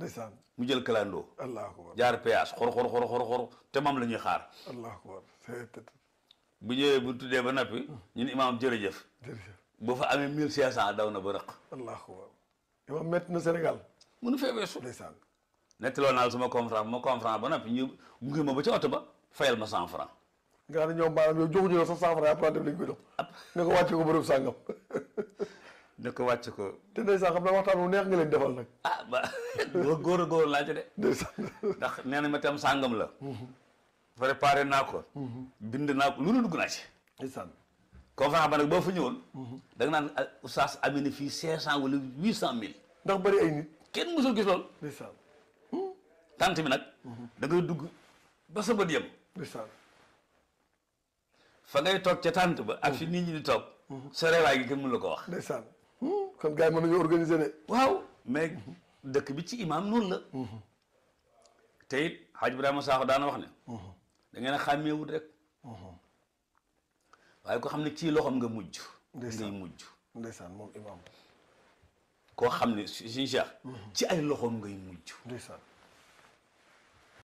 ndeysaan mu jël kalandoo allahu akbar jaar péage xor xor xor xor te moom la xaar bu ñëwee bu tuddee ba noppi ñun imaam jërëjëf boo fa amee mille cinq cent daw na ba rëq allahu akbar imaam métti na Sénégal mënu fee weesu ndeysaan nettaloo naal suma conférence ma conférence ba noppi ñu gunge ma ba ca oto ba fayal ma cent franc nga xam ne ñoom maanaam yow joxuñu la sax cent franc après def lañ koy dox ne ko wàcce ko bërëb sàngam ne ko wàcc ko. te ndeysaan xam naa waxtaan wu neex nga leen defal nag. ah ba góor a góor laaj de. ndax nee na ma tam sàngam la. préparé naa ko. bind naa ko lu nu dugg naa ci. ndeysaan. conférence ba nag boo fu ñëwoon. da nga naan ah, oustaz amina fii cinq cent wala huit cent mille. ndax bari ay nit. kenn mësul gis lool. ndeysaan. tant bi nag. da dugg ba sa bët yem. ndeysaan. fa ngay toog ca tant ba. ak fi nit ñi di toog. sa reewaay gi kenn mënu la ko wax. ndeysaan. kon gars yi mën nañu organiser de. waaw mais dëkk bi ci imaam noonu la. te it Hadj Ibrahima Sakho daan wax ne. da ngeen a xàmmeewut rek. waaye ko xam ne ci loxoom nga mujj. ngay mujj. ndeysaan xam ne suñu Cheikh. ci ay loxoom ngay mujj. ndeysaan.